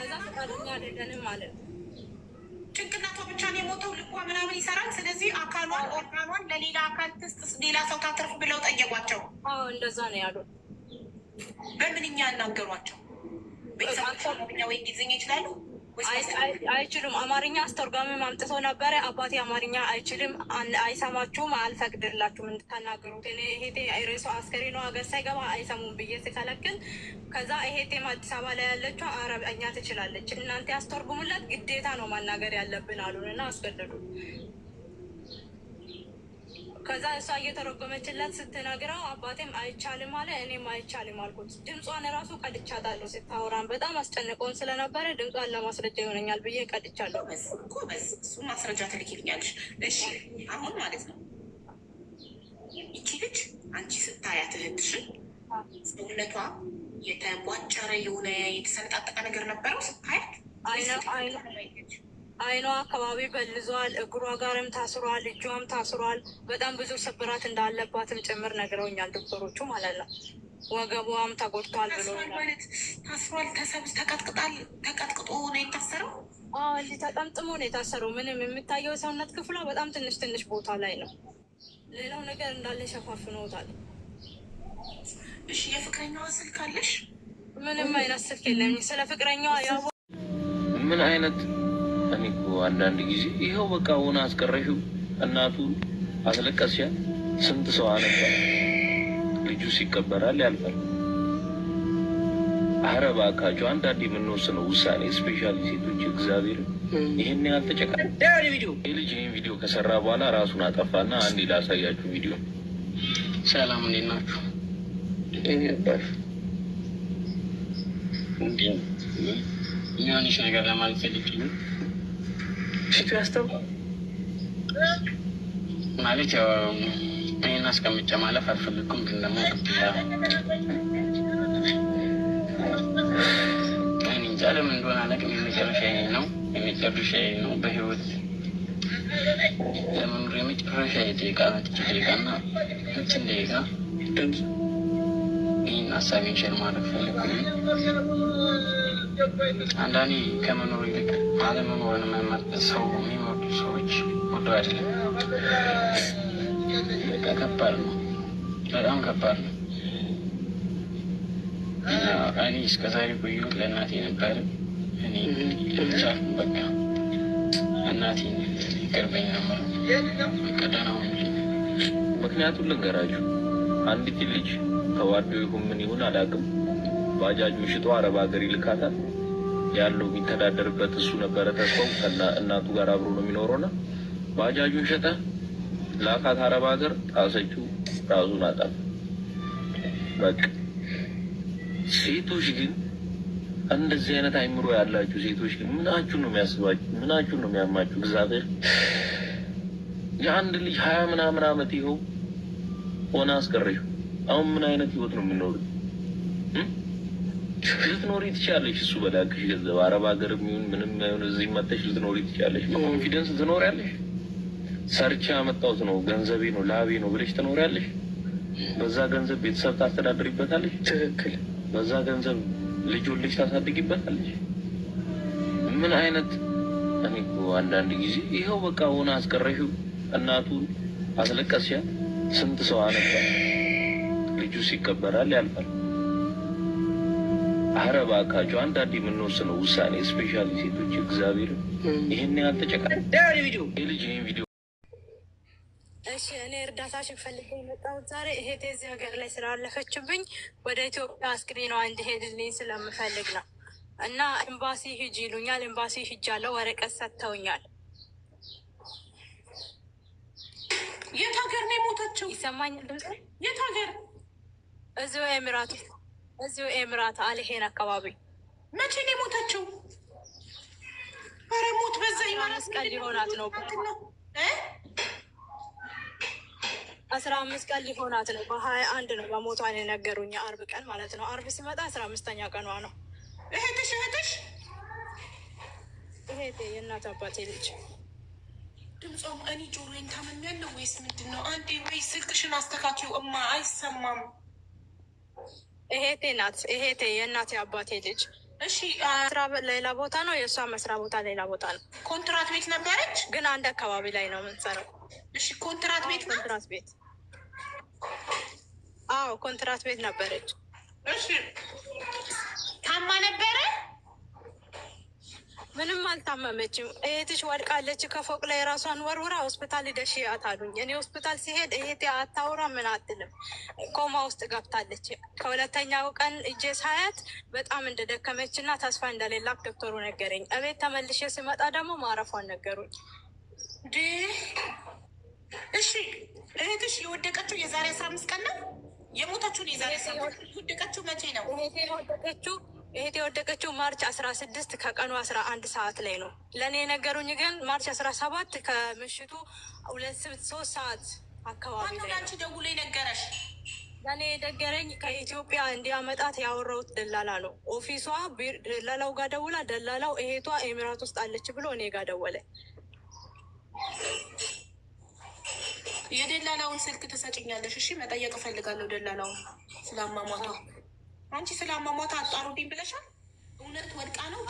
ከዛ ፈቃደኛ አይደለንም ማለት ነው። ጭንቅላቷ ብቻ ነው የሞተው፣ ልኳ ምናምን ይሰራል። ስለዚህ አካሏን ኦርጋኗን ለሌላ አካል ትስጥ፣ ሌላ ሰው ታትርፍ ብለው ጠየቋቸው። እንደዛ ነው ያሉ በምንኛ እናገሯቸው ቤተሰባቸው ወይ እንግሊዝኛ ይችላሉ አይችሉም። አማርኛ አስተርጓሚ ማምጥቶ ነበረ። አባቴ አማርኛ አይችልም፣ አይሰማችሁም፣ አልፈቅድላችሁም እንድታናግሩት። እህቴ ርዕሱ ነው ሀገር ሳይገባ አይሰሙም ብዬ ስከለክል፣ ከዛ እህቴም አዲስ አበባ ላይ ያለችው አረብኛ ትችላለች፣ እናንተ ያስተርጉሙለት፣ ግዴታ ነው ማናገር ያለብን አሉን እና አስገደዱ። ከዛ እሷ እየተረጎመችላት ስትነግረው አባቴም አይቻልም አለ፣ እኔም አይቻልም አልኩት። ድምጿን ራሱ ቀድቻታለሁ ስታወራን በጣም አስጨንቀውን ስለነበረ ድምጿን ለማስረጃ ይሆነኛል ብዬ ቀድቻለሁ። እሱ ማስረጃ ትልኪልኛለሽ። እሺ አሁን ማለት ነው ይቺ ልጅ አንቺ ስታያት እህትሽን ሰውነቷ የተቧጨረ የሆነ የተሰነጣጠቀ ነገር ነበረው ስታያት አይነ አይነ አይኗ አካባቢ በልዟል። እግሯ ጋርም ታስሯል። እጇም ታስሯል። በጣም ብዙ ስብራት እንዳለባትም ጭምር ነግረውኛል ዶክተሮቹ ማለት ነው። ወገቧም ተጎድቷል ብሎ ታስሯል። ተቀጥቅጣል። ተቀጥቅጦ ነው የታሰረው። ተጠምጥሞ ነው የታሰረው። ምንም የምታየው ሰውነት ክፍሏ በጣም ትንሽ ትንሽ ቦታ ላይ ነው። ሌላው ነገር እንዳለ ሸፋፍኖታል። እሺ፣ የፍቅረኛዋ ስልክ አለሽ? ምንም አይነት ስልክ የለኝ። ስለ ፍቅረኛዋ ምን አይነት እኔ እኮ አንዳንድ ጊዜ ይኸው በቃ ሆነ አስቀረሹ እናቱ አስለቀስሻ፣ ስንት ሰው አነባ። ልጁ ሲቀበራል ያልፋል። አረ እባካችሁ አንዳንድ የምንወስነው ውሳኔ ስፔሻሊ ሴቶች እግዚአብሔር ይህን ያህል ተጨቃ። ልጅ ይህን ቪዲዮ ከሰራ በኋላ ራሱን አጠፋና አንዴ ላሳያችሁ ቪዲዮ። ሰላም እንዴት ናችሁ? ሚሆንሽ ነገር ለማለት ፈልግ ሽቹ ያስተውል ማለት ያው ይህን አስቀምጬ ማለፍ አልፈልግኩም፣ ግን ደግሞ ግብያ ይህን እንጃ ለምን እንደሆነ አላውቅም። የመጨረሻ ነው፣ የመጨረሻ ነው በህይወት ለመኖር የመጨረሻ የደቂቃ መጥቼ ደቂቃ እና እንትን ደቂቃ ድምፅ ይህን ሀሳቤን ሼር ማድረግ ፈልግኩኝ። አንዳንዴ ከመኖር ይልቅ አለመኖርን መመልከት ሰው የሚመዱ ሰዎች ወደ አይደለም። በቃ ከባድ ነው፣ በጣም ከባድ ነው። እኔ እስከ ዛሬ ቆዩ ለእናቴ ነበር። እኔ ጫፍ በቃ እናቴ ይቅርበኝ ነበር ቀደናው። ምክንያቱም ልንገራችሁ፣ አንዲት ልጅ ተዋዶ ይሁን ምን ይሁን አላውቅም፣ ባጃጁ ሽጦ አረብ ሀገር ይልካታል። ያለው የሚተዳደርበት እሱ ነበረ። ተስፋው ከእናቱ ጋር አብሮ ነው የሚኖረው ና ባጃጁን ሸጠ ላካት አረብ ሀገር ጣሰችው፣ ራሱን አጣል። በቃ ሴቶች ግን እንደዚህ አይነት አይምሮ ያላችሁ ሴቶች ግን ምናችሁ ነው የሚያስባችሁ? ምናችሁ ነው የሚያማችሁ? እግዚአብሔር የአንድ ልጅ ሀያ ምናምን አመት ይኸው ሆነ አስቀረሽው። አሁን ምን አይነት ህይወት ነው የምንኖሩ? ልትኖሪ ትችያለሽ። እሱ በላክሽ ገንዘብ አረብ ሀገር የሚሆን ምንም ሆን እዚህ መጠሽ ልትኖሪ ትችያለሽ። በኮንፊደንስ ትኖሪያለሽ። ሰርቻ ያመጣሁት ነው ገንዘቤ ነው ላቤ ነው ብለሽ ትኖሪያለሽ። በዛ ገንዘብ ቤተሰብ ታስተዳድሪበታለሽ። ትክክል። በዛ ገንዘብ ልጅ ወልጅ ታሳድጊበታለሽ። ምን አይነት እኔ አንዳንድ ጊዜ ይኸው በቃ ሆነ አስቀረሽው፣ እናቱን አስለቀስያ፣ ስንት ሰው አነባ። ልጁ ሲቀበራል ያልፋል። አረ እባካችሁ አንዳንድ የምንወስነው ውሳኔ ስፔሻሊ ሴቶች እግዚአብሔር ይህን ያልተጨቃ ልጅ ይህ ቪዲዮ እሺ፣ እኔ እርዳታ ፈልጌ የመጣሁት ዛሬ እህቴ እዚህ ሀገር ላይ ስላለፈችብኝ ወደ ኢትዮጵያ አስክሬኗ እንዲሄድልኝ ስለምፈልግ ነው። እና ኤምባሲ ሂጅ ይሉኛል። ኤምባሲ አለው ወረቀት ሰጥተውኛል። የት ሀገር ነው የሞተችው? ይሰማኛል። የት ሀገር? እዚሁ ኤሚራት እዚሁ ኤምራት አልሄን አካባቢ መቼ ነው የሞታቸው? ኧረ ሞት በዛ ይሆናል። ቀን ሊሆናት ነው አስራ አምስት ቀን ሊሆናት ነው። በሀያ አንድ ነው በሞቷን የነገሩኝ አርብ ቀን ማለት ነው። አርብ ሲመጣ አስራ አምስተኛ ቀኗ ነው። እህትሽ እህትሽ እህቴ የእናት አባቴ ልጅ ድምፆም እኔ ጆሮዬን ታመሚያለሁ ወይስ ምንድን ነው? አንዴ ወይ ስልክሽን አስተካኪው እማ አይሰማም። እሄቴ ናት። እህቴ የእናቴ አባቴ ልጅ። እሺ ስራ ሌላ ቦታ ነው፣ የእሷ መስሪያ ቦታ ሌላ ቦታ ነው። ኮንትራት ቤት ነበረች፣ ግን አንድ አካባቢ ላይ ነው የምንሰራው። እሺ ኮንትራት ቤት ኮንትራት ቤት አዎ፣ ኮንትራት ቤት ነበረች። እሺ አልታመመችም። እህትሽ ወድቃለች ከፎቅ ላይ ራሷን ወርውራ ሆስፒታል ሂደሽ ያት አሉኝ። እኔ ሆስፒታል ሲሄድ እህት አታውራ ምን አትልም፣ ኮማ ውስጥ ገብታለች። ከሁለተኛው ቀን እጄ ሳያት በጣም እንደደከመች እና ተስፋ እንደሌላ ዶክተሩ ነገረኝ። እቤት ተመልሼ ስመጣ ደግሞ ማረፏን ነገሩኝ። እሺ እህትሽ የወደቀችው የዛሬ አስራ አምስት ቀን ነው የሞተችውን የዛሬ የወደቀችው መቼ ነው? እህቴ የወደቀችው ማርች አስራ ስድስት ከቀኑ አስራ አንድ ሰዓት ላይ ነው። ለእኔ የነገሩኝ ግን ማርች አስራ ሰባት ከምሽቱ ሁለት ስብት ሶስት ሰዓት አካባቢ ላይ ነው። ደውሎ የነገረሽ ለእኔ የደገረኝ ከኢትዮጵያ እንዲያመጣት ያወራሁት ደላላ ነው። ኦፊሷ ደላላው ጋር ደውላ ደላላው እህቷ ኤሚራት ውስጥ አለች ብሎ እኔ ጋር ደወለ። የደላላውን ስልክ ትሰጭኛለሽ? እሺ መጠየቅ እፈልጋለሁ ደላላውን ስላማሟቷ አንቺ ስለ ስላመሟት አጣሩልኝ ብለሻል። እውነት ወድቃ ነው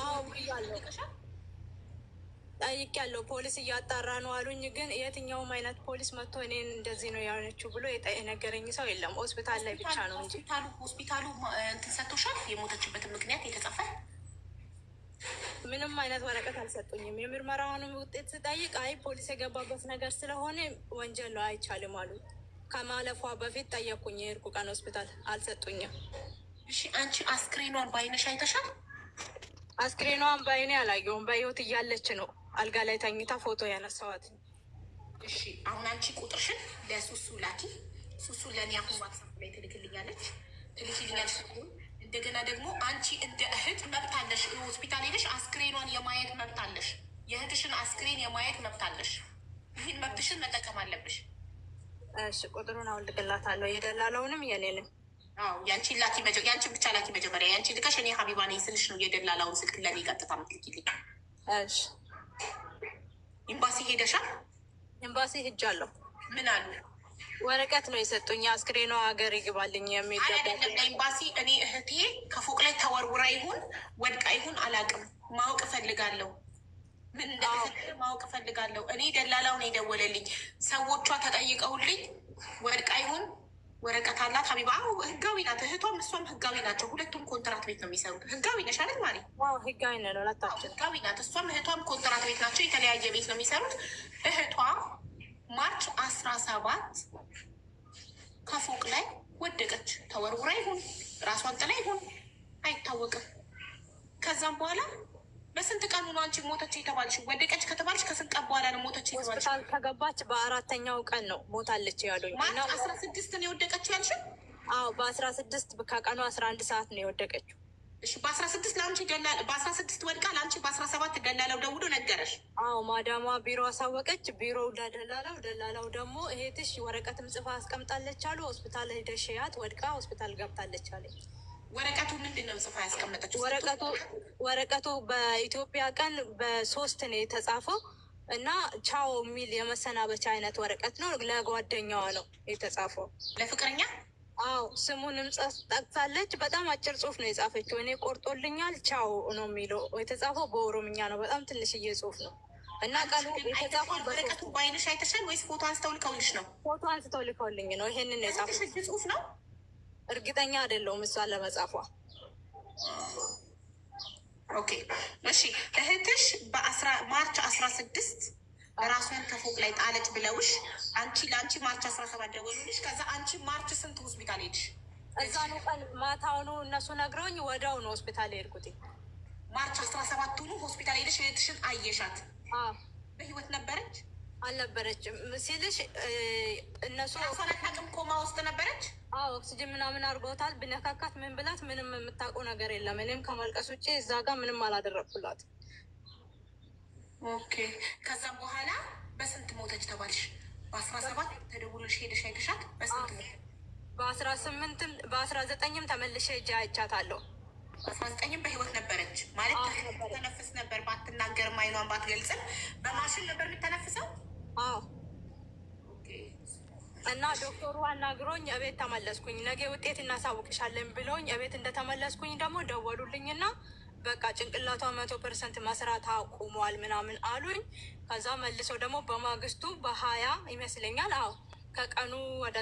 ጠይቅ ያለው ፖሊስ እያጣራ ነው አሉኝ። ግን የትኛውም አይነት ፖሊስ መጥቶ እኔን እንደዚህ ነው ያሆነችው ብሎ የነገረኝ ሰው የለም። ሆስፒታል ላይ ብቻ ነው እንጂ ሆስፒታሉ እንትን ሰጥቶሻል። የሞተችበትን ምክንያት የተጻፈ ምንም አይነት ወረቀት አልሰጡኝም። የምርመራውንም ውጤት ስጠይቅ አይ ፖሊስ የገባበት ነገር ስለሆነ ወንጀል አይቻልም አሉ። ከማለፏ በፊት ጠየቅኩኝ። የሄድኩ ቀን ሆስፒታል አልሰጡኝም። እሺ አንቺ አስክሬኗን በአይነሽ አይተሻል? አስክሬኗን በአይኔ አላየውም። በህይወት እያለች ነው አልጋ ላይ ተኝታ ፎቶ ያነሳዋት። እሺ አሁን አንቺ ቁጥርሽን ለሱሱ ላኪ። ሱሱ ለእኔ አሁን ዋትሳፕ ላይ ትልክልኛለች ትልክልኛለች። እንደገና ደግሞ አንቺ እንደ እህት መብት አለሽ። ሆስፒታል ሄደሽ አስክሬኗን የማየት መብት አለሽ። የእህትሽን አስክሬን የማየት መብት አለሽ። ይህን መብትሽን መጠቀም አለብሽ። እሺ ቁጥሩን አሁን ልክላታለሁ። የደላለውንም የሌለም ያንቺ ላኪ መጀ ያንቺ ብቻ ላኪ መጀመሪያ ያንቺ ልከሽ እኔ ሀቢባ ነኝ ስልሽ ነው የደላላውን ስልክ ለኔ ቀጥታ ምትልኪልኝ። ኤምባሲ ሄደሻል? ኤምባሲ ሄጃለሁ። ምን አሉ? ወረቀት ነው የሰጡኝ። አስክሬኗ ሀገር ይግባልኝ የሚገባለም ኤምባሲ። እኔ እህቴ ከፎቅ ላይ ተወርውራ ይሁን ወድቃ ይሁን አላውቅም፣ ማወቅ እፈልጋለሁ። ምን እንደተፈጠረ ማወቅ እፈልጋለሁ። እኔ ደላላውን የደወለልኝ ሰዎቿ ተጠይቀውልኝ ወድቃ ይሁን ወረቀት አላት ሀቢባ አሁ ህጋዊ ናት። እህቷም እሷም ህጋዊ ናቸው። ሁለቱም ኮንትራት ቤት ነው የሚሰሩት። ህጋዊ ነሽ አይደል? ማለት ህጋዊ ነው። ህጋዊ ናት። እሷም እህቷም ኮንትራት ቤት ናቸው። የተለያየ ቤት ነው የሚሰሩት። እህቷ ማርች አስራ ሰባት ከፎቅ ላይ ወደቀች። ተወርውራ ይሁን ራሷን ጥላ ይሁን አይታወቅም። ከዛም በኋላ በስንት ቀኑ ነው አንቺ ሞተች የተባልሽ? ወደቀች ከተባልሽ ከስንት ቀን በኋላ ነው ሞተች የተባልሽ? ሆስፒታል ከገባች በአራተኛው ቀን ነው ሞታለች ያሉኝ። ማለት አስራ ስድስት ነው የወደቀች ያልሽው? አዎ በአስራ ስድስት ከቀኑ አስራ አንድ ሰዓት ነው የወደቀችው። እሺ በአስራ ስድስት ለአንቺ በአስራ ስድስት ወድቃ ለአንቺ በአስራ ሰባት ደላላው ደውሎ ነገረሽ? አዎ ማዳሟ ቢሮ አሳወቀች። ቢሮው ለደላላው፣ ደላላው ደግሞ እህትሽ ወረቀትም ጽፋ አስቀምጣለች አሉ። ሆስፒታል ሄደሽ ያት ወድቃ ሆስፒታል ገብታለች አለኝ። ወረቀቱ ምንድን ነው ጽፋ ያስቀመጠችው? ወረቀቱ ወረቀቱ በኢትዮጵያ ቀን በሶስት ነው የተጻፈው እና ቻው የሚል የመሰናበቻ አይነት ወረቀት ነው። ለጓደኛዋ ነው የተጻፈው፣ ለፍቅረኛ አዎ። ስሙንም ጠቅሳለች። በጣም አጭር ጽሁፍ ነው የጻፈችው። እኔ ቆርጦልኛል ቻው ነው የሚለው። የተጻፈው በኦሮምኛ ነው። በጣም ትንሽዬ ጽሁፍ ነው እና ቃሉ የተጻፈው ወረቀቱ በአይንሽ አይተሻል ወይስ ፎቶ አንስተው ልከውልሽ ነው? ፎቶ አንስተው ልከውልኝ ነው። ይሄንን ነው የጻፈው ጽሁፍ ነው እርግጠኛ አይደለሁም እሷን ለመጻፏ። ኦኬ እሺ፣ እህትሽ ማርች አስራ ስድስት ራሷን ከፎቅ ላይ ጣለች ብለውሽ አንቺ ለአንቺ ማርች አስራ ሰባት ደወሉልሽ። ከዛ አንቺ ማርች ስንት ሆስፒታል ሄድሽ? እዛኑ ቀን ማታውኑ እነሱ ነግረውኝ ወዲያው ነው ሆስፒታል ሄድኩት። ማርች አስራ ሰባት ሆኑ ሆስፒታል ሄደሽ እህትሽን አየሻት? በህይወት ነበረች? አልነበረችም ሲልሽ እነሱ ሰነካቅም ኮማ ውስጥ ነበረች። አዎ ኦክሲጅን ምናምን አድርገውታል። ብነካካት ምን ብላት ምንም የምታውቀው ነገር የለም። እኔም ከማልቀስ ውጭ እዛ ጋር ምንም አላደረግኩላት። ኦኬ ከዛም በኋላ በስንት ሞተች ተባልሽ? በአስራ ሰባት ተደውሎሽ ሄደሽ አይተሻት? በስንት በአስራ ስምንትም በአስራ ዘጠኝም ተመልሼ ሄጄ አይቻታለሁ። አስራ ዘጠኝም በህይወት ነበረች ማለት ተነፍስ ነበር። ባትናገርም አይኗን ባትገልጽም በማሽን ነበር የምተነፍሰው እና ዶክተሩ አናግሮኝ እቤት ተመለስኩኝ። ነገ ውጤት እናሳውቅሻለን ብለውኝ እቤት እንደተመለስኩኝ ደግሞ ደወሉልኝና በቃ ጭንቅላቷ መቶ ፐርሰንት መስራት አቁሟል ምናምን አሉኝ። ከዛ መልሰው ደግሞ በማግስቱ በሀያ ይመስለኛል አዎ ከቀኑ ወደ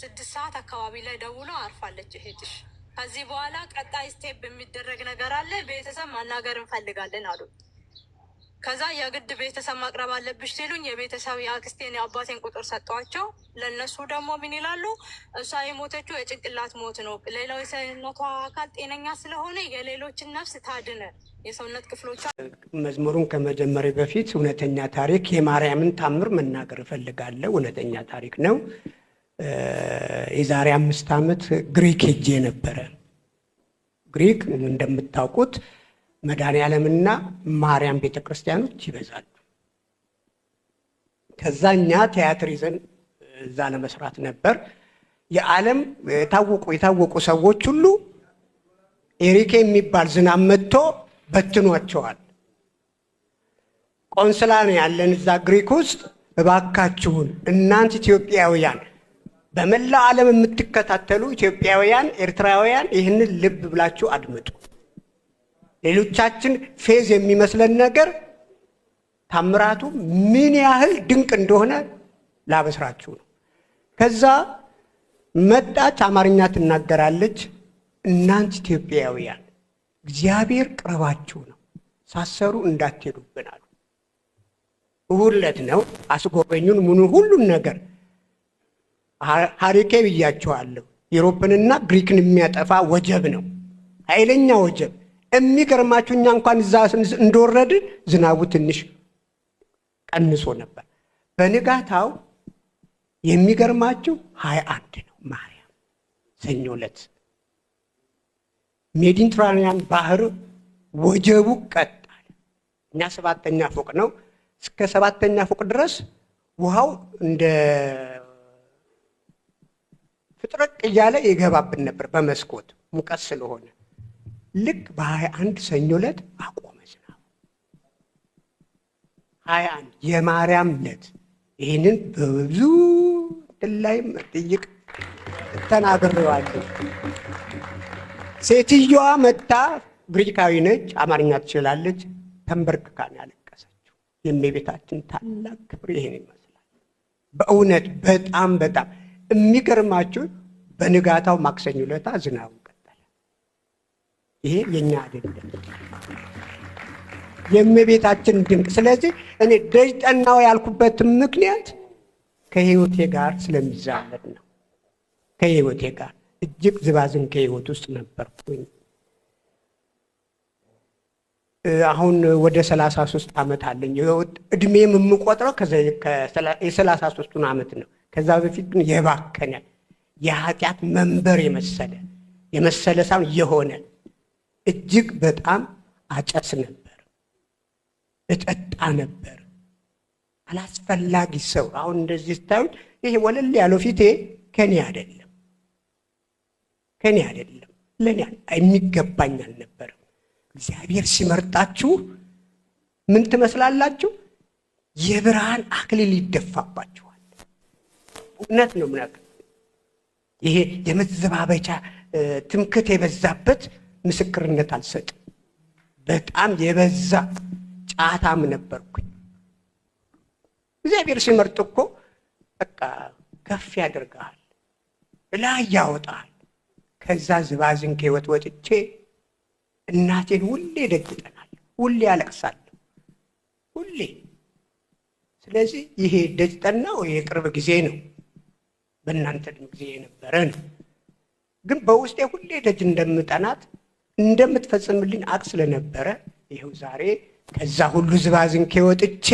ስድስት ሰዓት አካባቢ ላይ ደውሎ አርፋለች እህትሽ ከዚህ በኋላ ቀጣይ ስቴፕ የሚደረግ ነገር አለ ቤተሰብ ማናገር እንፈልጋለን አሉ። ከዛ የግድ ቤተሰብ ማቅረብ አለብሽ ሲሉኝ የቤተሰብ የአክስቴን የአባቴን ቁጥር ሰጠዋቸው። ለእነሱ ደግሞ ምን ይላሉ? እሷ የሞተችው የጭንቅላት ሞት ነው። ሌላው የሰውነቷ አካል ጤነኛ ስለሆነ የሌሎችን ነፍስ ታድነ የሰውነት ክፍሎቿ። መዝሙሩን ከመጀመሪ በፊት እውነተኛ ታሪክ የማርያምን ታምር መናገር እፈልጋለሁ። እውነተኛ ታሪክ ነው። የዛሬ አምስት ዓመት ግሪክ ሄጄ ነበረ። ግሪክ እንደምታውቁት መድኃኔ ዓለምና ማርያም ቤተ ክርስቲያኖች ይበዛሉ። ከዛ እኛ ቲያትር ይዘን እዛ ለመስራት ነበር። የዓለም የታወቁ የታወቁ ሰዎች ሁሉ ኤሪኬ የሚባል ዝናብ መጥቶ በትኗቸዋል። ቆንስላ ነው ያለን እዛ ግሪክ ውስጥ። እባካችሁን እናንት ኢትዮጵያውያን በመላው ዓለም የምትከታተሉ ኢትዮጵያውያን፣ ኤርትራውያን ይህንን ልብ ብላችሁ አድምጡ። ሌሎቻችን ፌዝ የሚመስለን ነገር ታምራቱ ምን ያህል ድንቅ እንደሆነ ላበስራችሁ ነው። ከዛ መጣች፣ አማርኛ ትናገራለች። እናንት ኢትዮጵያውያን እግዚአብሔር ቅረባችሁ ነው፣ ሳሰሩ እንዳትሄዱብን አሉ። ነው። አስጎበኙን፣ ምኑ ሁሉን ነገር ሀሪኬ ብያችኋለሁ። ዩሮፕንና ግሪክን የሚያጠፋ ወጀብ ነው፣ ኃይለኛ ወጀብ የሚገርማችሁ እኛ እንኳን እዛ እንደወረድን ዝናቡ ትንሽ ቀንሶ ነበር። በንጋታው የሚገርማችሁ ሀያ አንድ ነው ማርያም ሰኞ ዕለት ባህር ወጀቡ ቀጥ አለ። እኛ ሰባተኛ ፎቅ ነው። እስከ ሰባተኛ ፎቅ ድረስ ውሃው እንደ ፍጥረቅ እያለ ይገባብን ነበር በመስኮት ሙቀት ስለሆነ ልክ በሀያ አንድ ሰኞ ዕለት አቆመ ዝናቡ። ሀያ አንድ የማርያም ዕለት ይህንን በብዙ ድላይም እርጥይቅ ተናግሬዋለሁ። ሴትዮዋ መታ ግሪካዊ ነች፣ አማርኛ ትችላለች። ተንበርክካን ያለቀሰችው የእመቤታችን ታላቅ ክብር ይህን ይመስላል። በእውነት በጣም በጣም የሚገርማችሁ በንጋታው ማክሰኞ ዕለት ዝናቡ ይሄ የኛ አይደለም፣ የእመቤታችን ድንቅ። ስለዚህ እኔ ደጅ ጠናው ያልኩበትም ምክንያት ከህይወቴ ጋር ስለሚዛመድ ነው። ከህይወቴ ጋር እጅግ ዝባዝን ከህይወት ውስጥ ነበርኩኝ። አሁን ወደ ሰላሳ ሶስት ዓመት አለኝ። እድሜም የምቆጥረው የሰላሳ ሶስቱን ዓመት ነው። ከዛ በፊት ግን የባከነ የኃጢአት መንበር የመሰለ የመሰለ ሳይሆን የሆነ እጅግ በጣም አጨስ ነበር፣ እጠጣ ነበር። አላስፈላጊ ሰው። አሁን እንደዚህ ስታዩት ይሄ ወለል ያለው ፊቴ ከኔ አይደለም፣ ከኔ አይደለም፣ ለኔ የሚገባኝ አልነበረም። እግዚአብሔር ሲመርጣችሁ ምን ትመስላላችሁ? የብርሃን አክሊል ይደፋባችኋል። እውነት ነው ምናምን ይሄ የመዘባበቻ ትምክት የበዛበት ምስክርነት አልሰጥም። በጣም የበዛ ጫታም ነበርኩኝ። እግዚአብሔር ሲመርጥ እኮ በቃ ከፍ ያደርግሃል፣ ላይ ያወጣሃል። ከዛ ዝባዝን ከህይወት ወጥቼ እናቴን ሁሌ ደጅጠናል፣ ሁሌ ያለቅሳል፣ ሁሌ ስለዚህ ይሄ ደጅጠናው የቅርብ ጊዜ ነው፣ በእናንተ ጊዜ የነበረ ነው። ግን በውስጤ ሁሌ ደጅ እንደምጠናት እንደምትፈጽምልኝ አቅ ስለነበረ ይኸው ዛሬ ከዛ ሁሉ ዝባዝንኬ ወጥቼ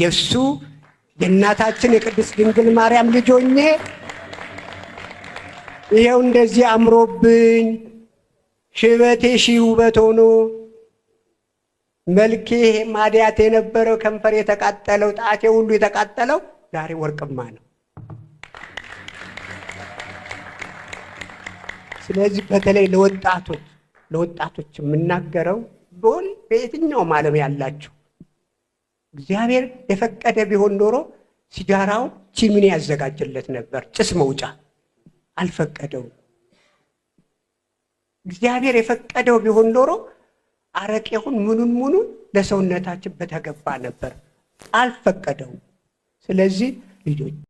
የእሱ የእናታችን የቅድስት ድንግል ማርያም ልጆኜ ይኸው እንደዚህ አምሮብኝ ሽበቴ ሺ ውበት ሆኖ መልኬ ማዲያት የነበረው ከንፈር የተቃጠለው ጣቴ ሁሉ የተቃጠለው ዛሬ ወርቅማ ነው። ስለዚህ በተለይ ለወጣቶች ለወጣቶች የምናገረው ቦል በየትኛውም ዓለም ያላችሁ እግዚአብሔር የፈቀደ ቢሆን ኖሮ ሲጋራው ቺምኔ ያዘጋጅለት ነበር፣ ጭስ መውጫ። አልፈቀደውም። እግዚአብሔር የፈቀደው ቢሆን ኖሮ አረቄውን ምኑን ምኑን ለሰውነታችን በተገባ ነበር። አልፈቀደውም። ስለዚህ ልጆች